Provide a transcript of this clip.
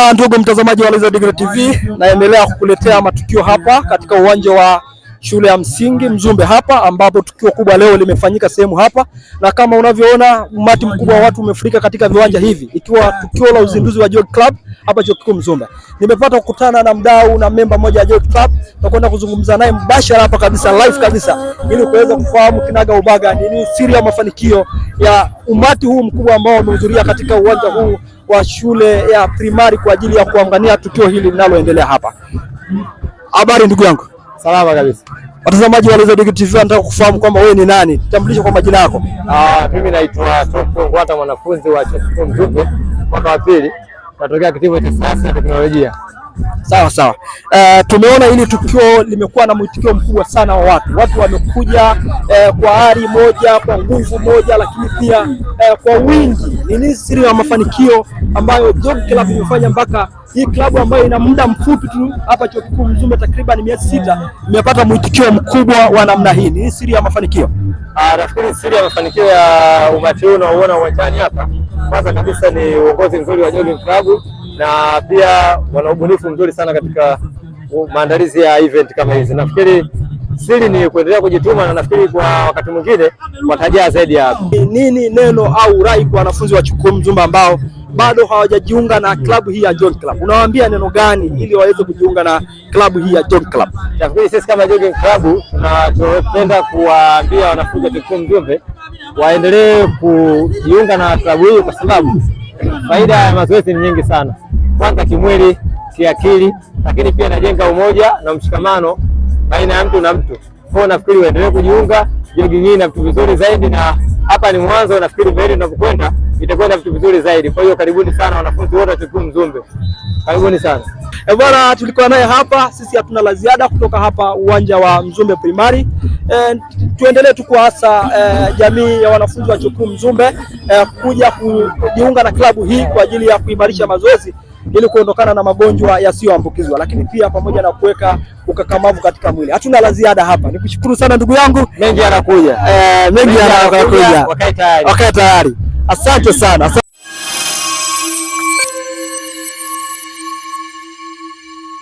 Bwana ndugu mtazamaji wa Laizer Digital TV, naendelea kukuletea matukio hapa katika uwanja wa shule ya msingi Mzumbe hapa ambapo tukio kubwa leo limefanyika sehemu hapa, na kama unavyoona umati mkubwa wa watu umefurika katika viwanja hivi, ikiwa tukio la uzinduzi wa Jog Club hapa Chuo Kikuu Mzumbe. Nimepata kukutana na mdau na memba mmoja wa Joy Club, tutakwenda kuzungumza naye mbashara hapa kabisa live kabisa, ili kuweza kufahamu kinaga ubaga ni nini siri ya mafanikio ya umati huu mkubwa ambao wamehudhuria katika uwanja huu wa shule ya primari kwa ajili ya kuangania tukio hili linaloendelea hapa. Habari ndugu yangu. Salama kabisa. Watazamaji wa Lizard TV wanataka kufahamu kwamba wewe ni nani, tambulisha kwa majina yako. Ah, mimi naitwa Soko Ngwata, mwanafunzi wa Chuo Kikuu Mzumbe mwaka wa pili natokea kitivo cha sayansi na teknolojia. Sawa sawa. Uh, tumeona hili tukio limekuwa na mwitikio mkubwa sana wa watu. Watu wamekuja uh, kwa ari moja, kwa nguvu moja, lakini pia uh, kwa wingi. Ni nini siri ya mafanikio ambayo Jog Club imefanya mpaka hii klabu ambayo ina muda mfupi tu hapa chuo kikuu Mzumbe, takriban miezi sita, imepata mwitikio mkubwa wa namna hii? Ni siri ya mafanikio Ah, nafikiri siri ya mafanikio ya umati huu unaouona uwanjani hapa, kwanza kabisa ni uongozi mzuri wa Jogging Club, na pia wana ubunifu mzuri sana katika maandalizi ya event kama hizi. Nafikiri siri ni kuendelea kujituma, na nafikiri kwa wakati mwingine watajaa zaidi hapo. Nini neno au rai kwa wanafunzi wa chuo Mzumba ambao bado hawajajiunga na klabu hii ya John Club, unawaambia neno gani ili waweze kujiunga na klabu hii ya John Club? Nafikiri sisi kama John Club tunapenda kuwaambia wanafunzi wa chukuu Mzumbe waendelee kujiunga na klabu hii kwa sababu faida ya mazoezi ni nyingi sana, kwanza kimwili, kiakili, lakini pia najenga umoja na mshikamano baina ya mtu na mtu. Kwa nafikiri uendelee kujiunga jogi hii na vitu vizuri zaidi, na hapa ni mwanzo. Nafikiri mbele tunapokwenda na vitu vizuri zaidi. Kwa hiyo karibuni sana wanafunzi wote wa chuo kikuu Mzumbe, karibuni sana e bwana. Tulikuwa naye hapa, sisi hatuna la ziada kutoka hapa uwanja wa Mzumbe Primary. E, tuendelee tu kuasa e, jamii ya wanafunzi wa chuo kikuu Mzumbe e, kuja kujiunga na klabu hii kwa ajili ya kuimarisha mazoezi ili kuondokana na magonjwa yasiyoambukizwa, lakini pia pamoja na kuweka ukakamavu katika mwili. Hatuna la ziada hapa, nikushukuru sana ndugu yangu, mengi yanakuja, eh, mengi yanakuja, wakae tayari, asante sana.